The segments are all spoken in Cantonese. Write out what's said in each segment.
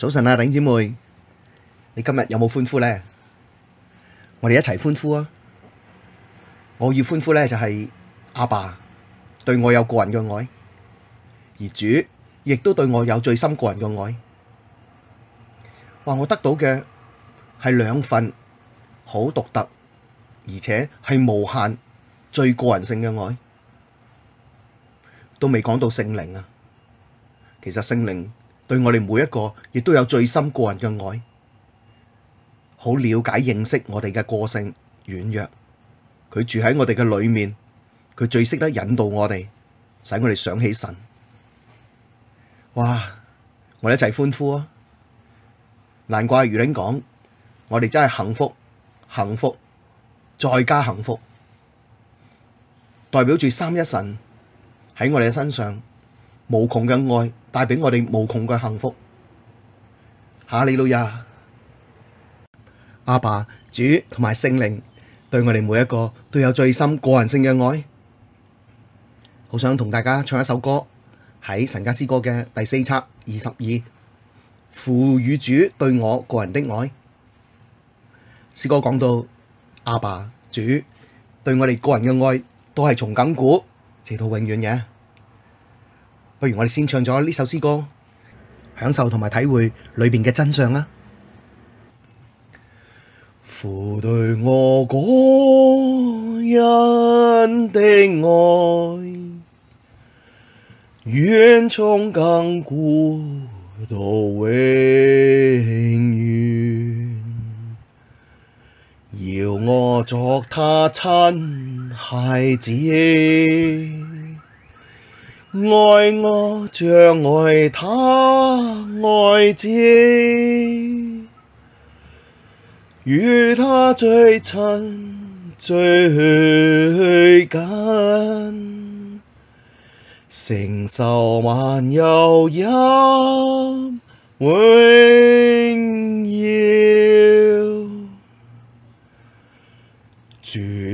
早晨啊，頂姐妹，你今日有冇歡呼咧？我哋一齊歡呼啊！我要歡呼咧，就係阿爸對我有個人嘅愛，而主亦都對我有最深個人嘅愛。話，我得到嘅係兩份好獨特，而且係無限最個人性嘅愛，都未講到聖靈啊！其實聖靈。對我哋每一個，亦都有最深個人嘅愛，好了解認識我哋嘅個性軟弱。佢住喺我哋嘅裏面，佢最識得引導我哋，使我哋想起神。哇！我哋一齊歡呼啊！難怪余玲講，我哋真係幸福，幸福再加幸福，代表住三一神喺我哋嘅身上無窮嘅愛。帶畀我哋無窮嘅幸福，哈利路亞，阿爸、主同埋聖靈對我哋每一個都有最深個人性嘅愛。好想同大家唱一首歌，喺《神家詩歌》嘅第四冊二十二，父與主對我個人的愛。詩歌講到阿爸、主對我哋個人嘅愛都係從亙古直到永遠嘅。不如我哋先唱咗呢首詩歌，享受同埋體會裏面嘅真相啦。父對我個人的愛，遠從亙古到永遠，要我作他親孩子。愛我像愛他，愛子與他最親最近，承受萬有陰。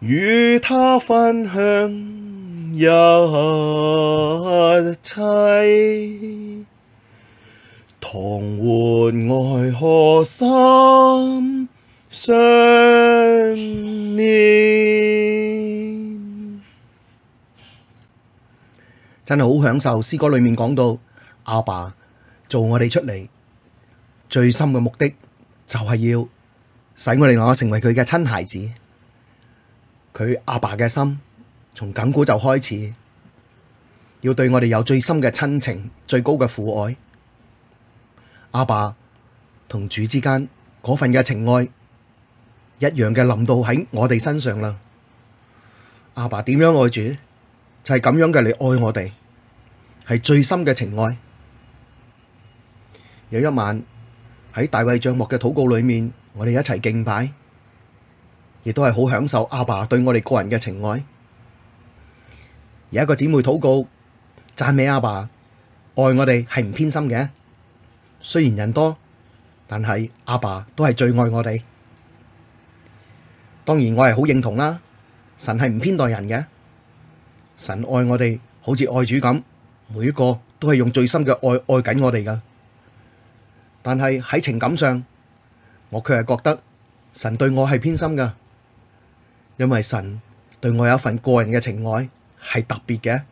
與他分享一切，同活愛河心相連，真係好享受。詩歌裏面講到，阿爸，爸做我哋出嚟，最深嘅目的就係要使我哋能夠成為佢嘅親孩子。佢阿爸嘅心，從亙古就開始，要對我哋有最深嘅親情、最高嘅父愛。阿爸同主之間嗰份嘅情愛，一樣嘅臨到喺我哋身上啦。阿爸點樣愛主？就係咁樣嘅嚟愛我哋，係最深嘅情愛。有一晚喺大衛帳幕嘅禱告裏面，我哋一齊敬拜。亦都係好享受阿爸對我哋個人嘅情愛。有一個姊妹禱告讚美阿爸，愛我哋係唔偏心嘅，雖然人多，但係阿爸都係最愛我哋。當然我係好認同啦，神係唔偏待人嘅，神愛我哋好似愛主咁，每一個都係用最深嘅愛愛緊我哋㗎。但係喺情感上，我卻係覺得神對我係偏心㗎。因為神對我有一份個人嘅情愛係特別嘅，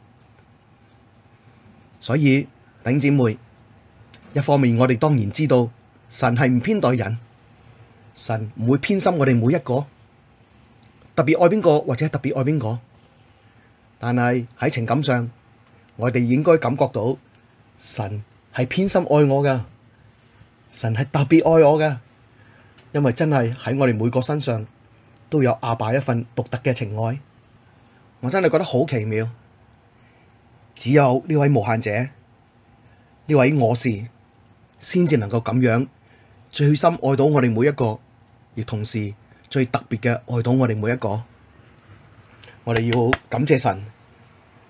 所以頂姐妹，一方面我哋當然知道神係唔偏待人，神唔會偏心我哋每一個，特別愛邊個或者特別愛邊個，但係喺情感上，我哋應該感覺到神係偏心愛我㗎，神係特別愛我㗎，因為真係喺我哋每個身上。都有阿爸一份獨特嘅情愛，我真係覺得好奇妙。只有呢位無限者，呢位我是，先至能夠咁樣最深愛到我哋每一個，而同時最特別嘅愛到我哋每一個。我哋要好好感謝神，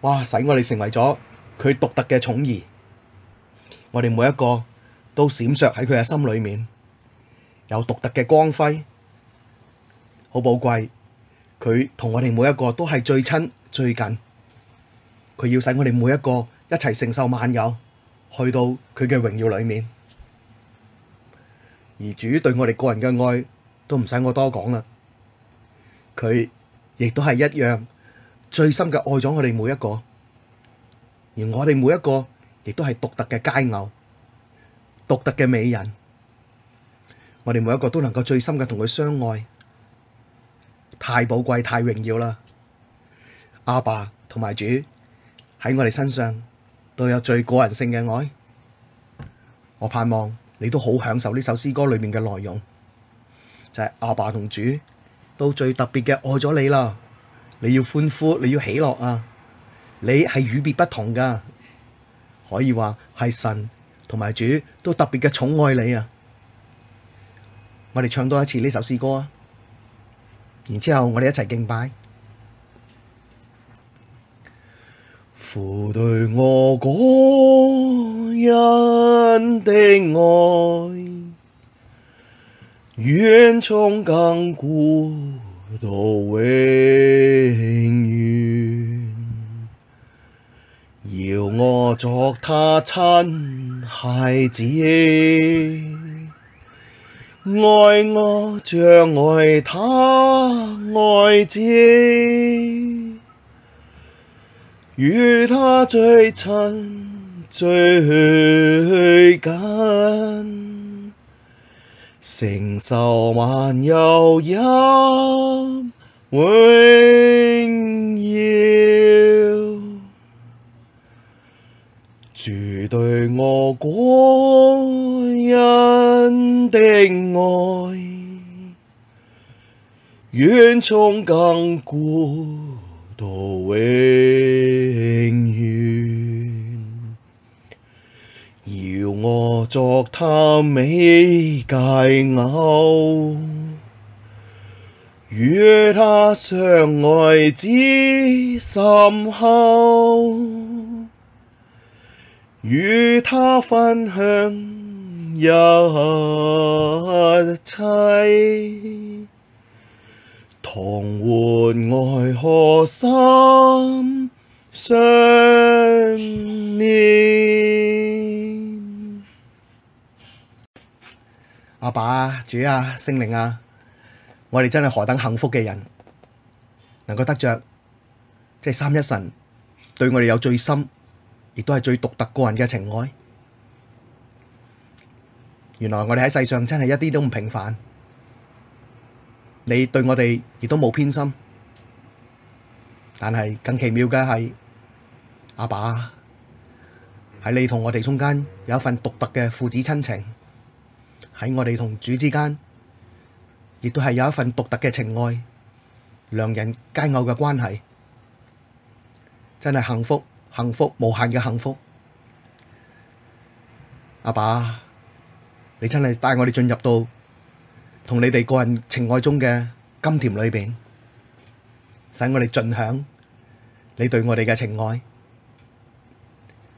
哇！使我哋成為咗佢獨特嘅寵兒。我哋每一個都閃爍喺佢嘅心裏面，有獨特嘅光輝。好寶貴，佢同我哋每一個都係最親最近，佢要使我哋每一個一齊承受萬有，去到佢嘅榮耀裏面。而主對我哋個人嘅愛都唔使我多講啦，佢亦都係一樣最深嘅愛咗我哋每一個，而我哋每一個亦都係獨特嘅佳偶，獨特嘅美人，我哋每一個都能夠最深嘅同佢相愛。太寶貴、太榮耀啦！阿爸同埋主喺我哋身上都有最個人性嘅愛。我盼望你都好享受呢首詩歌裏面嘅內容，就係、是、阿爸同主都最特別嘅愛咗你啦。你要歡呼，你要喜樂啊！你係與別不同噶，可以話係神同埋主都特別嘅寵愛你啊！我哋唱多一次呢首詩歌啊！然之後，我哋一齊敬拜。父對我個人的愛，遠從亙古到永遠，要我作祂親孩子。愛我像愛他，愛子與他最親最近，承受萬有因永遠。主對我個人的愛，遠從亙古到永遠，要我作他美佳偶，與他相愛至深厚。與他分享一切，同活愛河心相連。阿、啊、爸、主啊、聖靈啊，我哋真係何等幸福嘅人，能夠得着即係三一神對我哋有最深。亦都係最獨特個人嘅情愛。原來我哋喺世上真係一啲都唔平凡。你對我哋亦都冇偏心，但係更奇妙嘅係阿爸喺你同我哋中間有一份獨特嘅父子親情，喺我哋同主之間亦都係有一份獨特嘅情愛，良人佳偶嘅關係，真係幸福。幸福，無限嘅幸福，阿爸，你真係帶我哋進入到同你哋個人情愛中嘅甘甜裏邊，使我哋盡享你對我哋嘅情愛。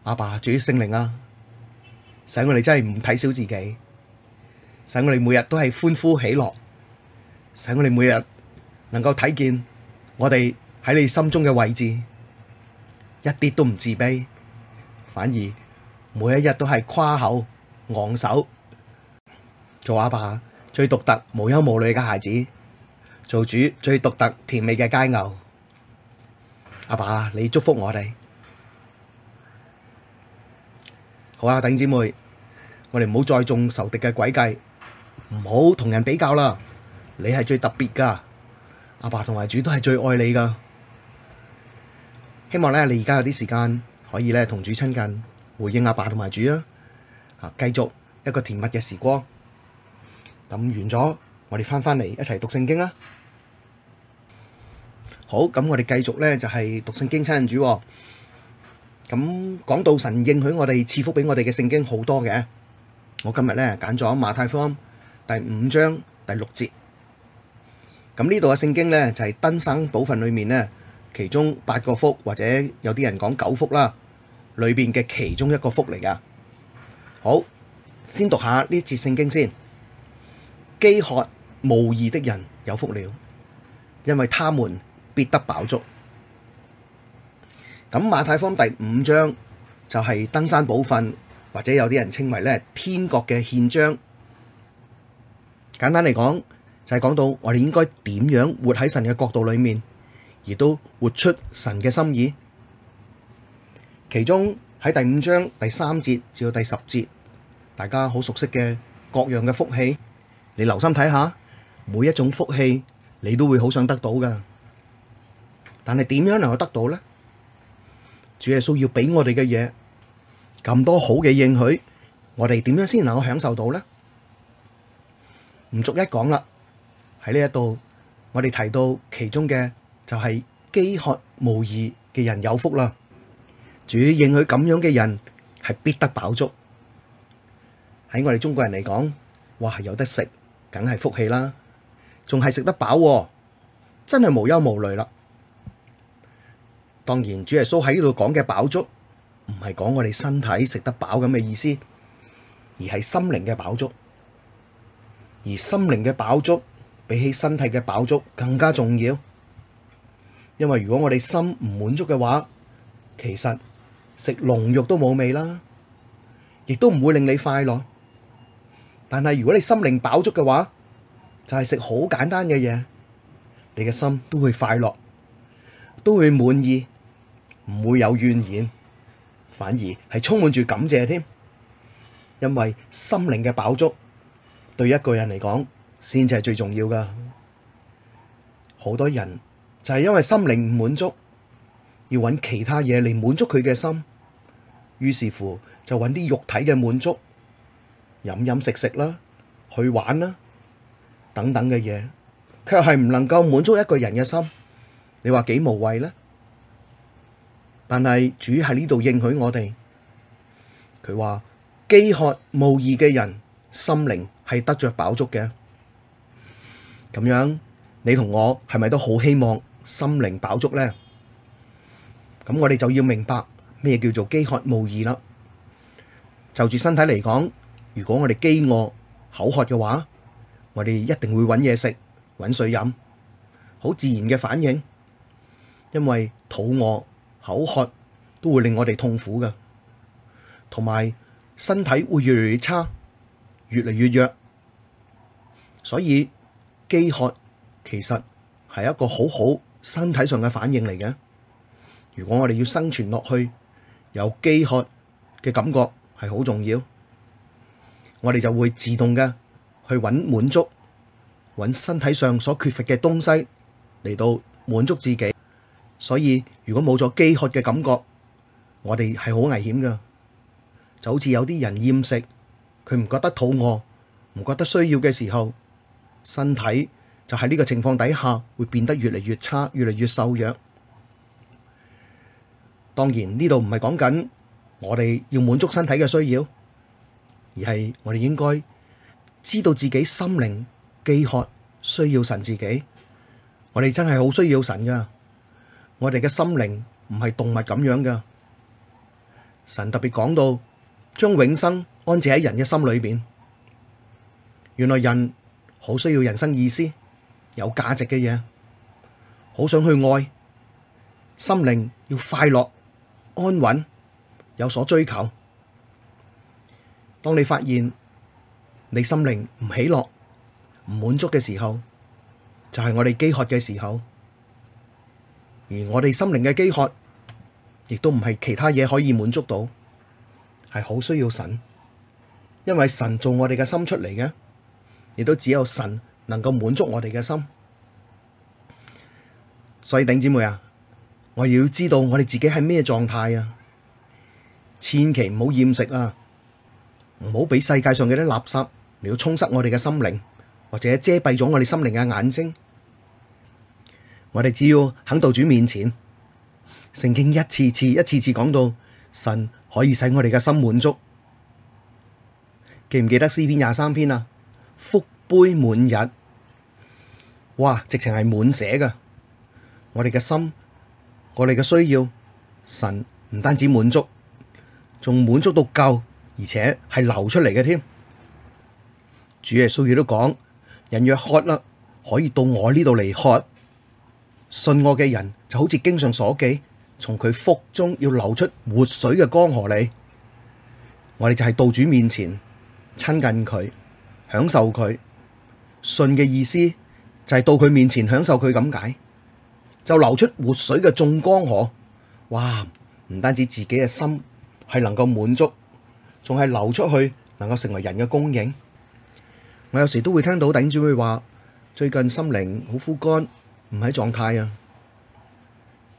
阿爸，主聖靈啊，使我哋真係唔睇小自己，使我哋每日都係歡呼喜樂，使我哋每日能夠睇見我哋喺你心中嘅位置。一啲都唔自卑，反而每一日都係誇口昂首，做阿爸，爸最獨特、無憂無慮嘅孩子，做主最獨特、甜美嘅佳偶。阿爸，爸，你祝福我哋好啊！弟兄姊妹，我哋唔好再中仇敵嘅詭計，唔好同人比較啦。你係最特別㗎，阿爸同埋主都係最愛你㗎。希望咧，你而家有啲時間可以咧同主親近，回應阿爸同埋主啊！啊，繼續一個甜蜜嘅時光。咁完咗，我哋翻返嚟一齊讀聖經啦。好，咁我哋繼續咧就係讀聖經親近主。咁講到神應許我哋賜福俾我哋嘅聖經好多嘅，我今日咧揀咗馬太福音第五章第六節。咁呢度嘅聖經咧就係登山寶訓裏面咧。其中八個福，或者有啲人講九福啦，裏邊嘅其中一個福嚟㗎。好，先讀下呢節聖經先。饑渴慕義的人有福了，因為他們必得飽足。咁馬太福音第五章就係登山寶訓，或者有啲人稱為咧天國嘅憲章。簡單嚟講，就係、是、講到我哋應該點樣活喺神嘅國度裏面。而都活出神嘅心意。其中，喺第五章，第三節，至到第十節，大家好熟悉嘅各樣嘅福氣。你留心睇下，每一種福氣，你都會好想得到㗎。但係，點樣能夠得到呢？主耶穌要畀我哋嘅嘢，咁多好嘅應許，我哋點樣先能夠享受到呢？唔逐一講喇，喺呢一度，我哋提到其中嘅就係飢渴慕義嘅人有福啦，主應許咁樣嘅人係必得飽足。喺我哋中國人嚟講，哇係有得食，梗係福氣啦，仲係食得飽喎，真係無憂無慮啦。當然，主耶穌喺呢度講嘅飽足，唔係講我哋身體食得飽咁嘅意思，而係心靈嘅飽足。而心靈嘅飽足，比起身體嘅飽足更加重要。因為如果我哋心唔滿足嘅話，其實食龍肉都冇味啦，亦都唔會令你快樂。但係如果你心靈飽足嘅話，就係食好簡單嘅嘢，你嘅心都會快樂，都會滿意，唔會有怨言，反而係充滿住感謝添。因為心靈嘅飽足對一個人嚟講，先至係最重要㗎。好多人。就係因為心靈唔滿足，要揾其他嘢嚟滿足佢嘅心，於是乎就揾啲肉體嘅滿足，飲飲食食啦，去玩啦，等等嘅嘢，卻係唔能夠滿足一個人嘅心，你話幾無謂呢？但係主喺呢度應許我哋，佢話飢渴慕義嘅人心靈係得着飽足嘅，咁樣你同我係咪都好希望？心靈飽足呢，咁我哋就要明白咩叫做飢渴慕義啦。就住身體嚟講，如果我哋飢餓口渴嘅話，我哋一定會揾嘢食、揾水飲，好自然嘅反應。因為肚餓、口渴都會令我哋痛苦嘅，同埋身體會越嚟越差、越嚟越弱。所以飢渴其實係一個好好。身體上嘅反應嚟嘅，如果我哋要生存落去，有飢渴嘅感覺係好重要，我哋就會自動嘅去揾滿足，揾身體上所缺乏嘅東西嚟到滿足自己。所以如果冇咗飢渴嘅感覺，我哋係好危險噶，就好似有啲人厭食，佢唔覺得肚餓，唔覺得需要嘅時候，身體。就喺呢個情況底下，會變得越嚟越差，越嚟越瘦弱。當然，呢度唔係講緊我哋要滿足身體嘅需要，而係我哋應該知道自己心靈飢渴，需要神自己。我哋真係好需要神噶，我哋嘅心靈唔係動物咁樣噶。神特別講到將永生安置喺人嘅心裏邊，原來人好需要人生意思。有價值嘅嘢，好想去愛，心靈要快樂、安穩，有所追求。當你發現你心靈唔喜樂、唔滿足嘅時候，就係我哋飢渴嘅時候。而我哋心靈嘅飢渴，亦都唔係其他嘢可以滿足到，係好需要神，因為神做我哋嘅心出嚟嘅，亦都只有神。能夠滿足我哋嘅心，所以頂姐妹啊，我要知道我哋自己係咩狀態啊，千祈唔好厭食啊，唔好俾世界上嘅啲垃圾嚟到充塞我哋嘅心靈，或者遮蔽咗我哋心靈嘅眼睛。我哋只要肯到主面前，聖經一次次、一次次講到神可以使我哋嘅心滿足，記唔記得詩篇廿三篇啊？福杯滿溢。哇！直情係滿瀉㗎，我哋嘅心，我哋嘅需要，神唔單止滿足，仲滿足到夠，而且係流出嚟嘅添。主耶穌亦都講：人若渴啦，可以到我呢度嚟渴。信我嘅人就好似經上所記，從佢腹中要流出活水嘅江河嚟。我哋就係到主面前親近佢，享受佢信嘅意思。就係到佢面前享受佢咁解，就流出活水嘅眾江河，哇！唔單止自己嘅心係能夠滿足，仲係流出去能夠成為人嘅供應。我有時都會聽到弟姊妹話，最近心靈好枯乾，唔喺狀態啊。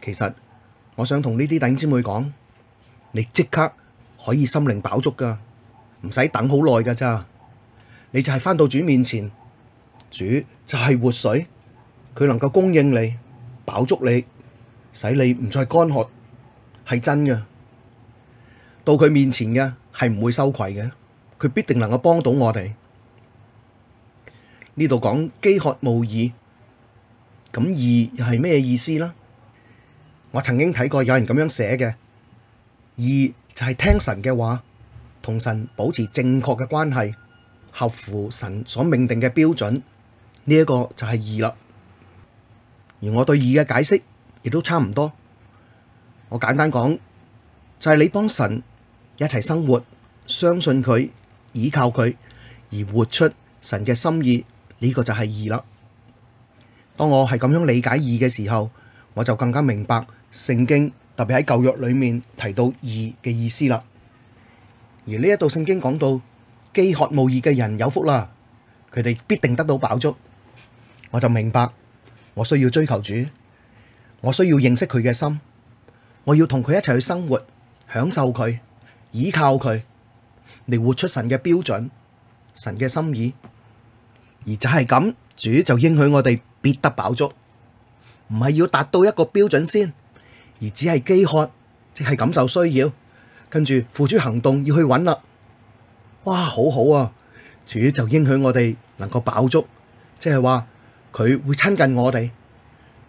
其實我想同呢啲弟姊妹講，你即刻可以心靈飽足噶，唔使等好耐噶咋，你就係返到主面前。主就係活水，佢能夠供應你，飽足你，使你唔再乾渴，係真嘅。到佢面前嘅係唔會羞愧嘅，佢必定能夠幫到我哋。呢度講飢渴慕義，咁義又係咩意思呢？我曾經睇過有人咁樣寫嘅，義就係聽神嘅話，同神保持正確嘅關係，合乎神所命定嘅標準。呢一個就係義啦，而我對義嘅解釋亦都差唔多。我簡單講，就係、是、你幫神一齊生活，相信佢，依靠佢，而活出神嘅心意，呢、這個就係義啦。當我係咁樣理解義嘅時候，我就更加明白聖經特別喺舊約裏面提到義嘅意思啦。而呢一度聖經講到飢渴慕義嘅人有福啦，佢哋必定得到飽足。我就明白，我需要追求主，我需要認識佢嘅心，我要同佢一齊去生活，享受佢，依靠佢，嚟活出神嘅標準，神嘅心意。而就係咁，主就應許我哋必得飽足，唔係要達到一個標準先，而只係飢渴，即係感受需要，跟住付諸行動要去揾啦。哇，好好啊！主就應許我哋能夠飽足，即係話。佢會親近我哋，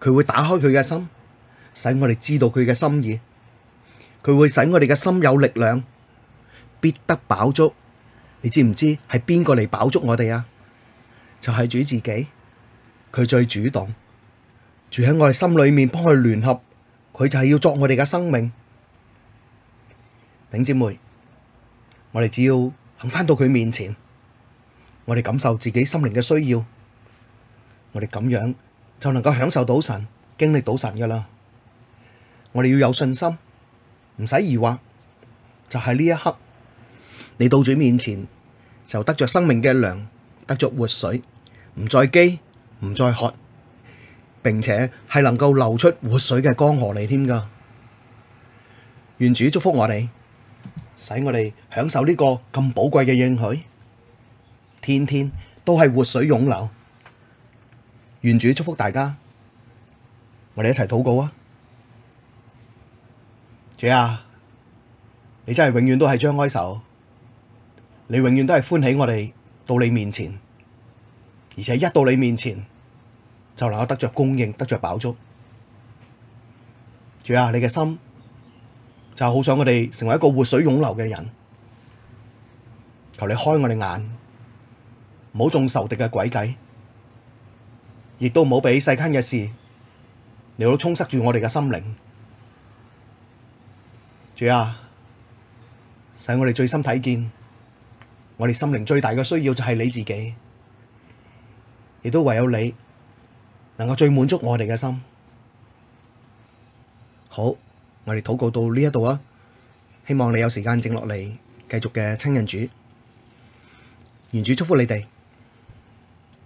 佢會打開佢嘅心，使我哋知道佢嘅心意。佢會使我哋嘅心有力量，必得飽足。你知唔知係邊個嚟飽足我哋啊？就係主自己，佢最主動，住喺我哋心裏面幫佢聯合。佢就係要作我哋嘅生命。頂姐妹，我哋只要肯翻到佢面前，我哋感受自己心靈嘅需要。我哋咁樣就能夠享受到神、經歷到神噶啦。我哋要有信心，唔使疑惑，就係呢一刻，你到主面前就得着生命嘅糧，得着活水，唔再飢，唔再渴，並且係能夠流出活水嘅江河嚟添噶。願主祝福我哋，使我哋享受呢個咁寶貴嘅應許，天天都係活水湧流。願主祝福大家，我哋一齊禱告啊！主啊，你真係永遠都係張開手，你永遠都係歡喜我哋到你面前，而且一到你面前就能夠得着供應，得着飽足。主啊，你嘅心就好想我哋成為一個活水湧流嘅人，求你開我哋眼，唔好中仇敵嘅詭計。亦都唔好俾世間嘅事嚟到充塞住我哋嘅心靈，主啊，使我哋最深睇見，我哋心靈最大嘅需要就係你自己，亦都唯有你能夠最滿足我哋嘅心。好，我哋禱告到呢一度啊，希望你有時間靜落嚟繼續嘅親近主，願主祝福你哋。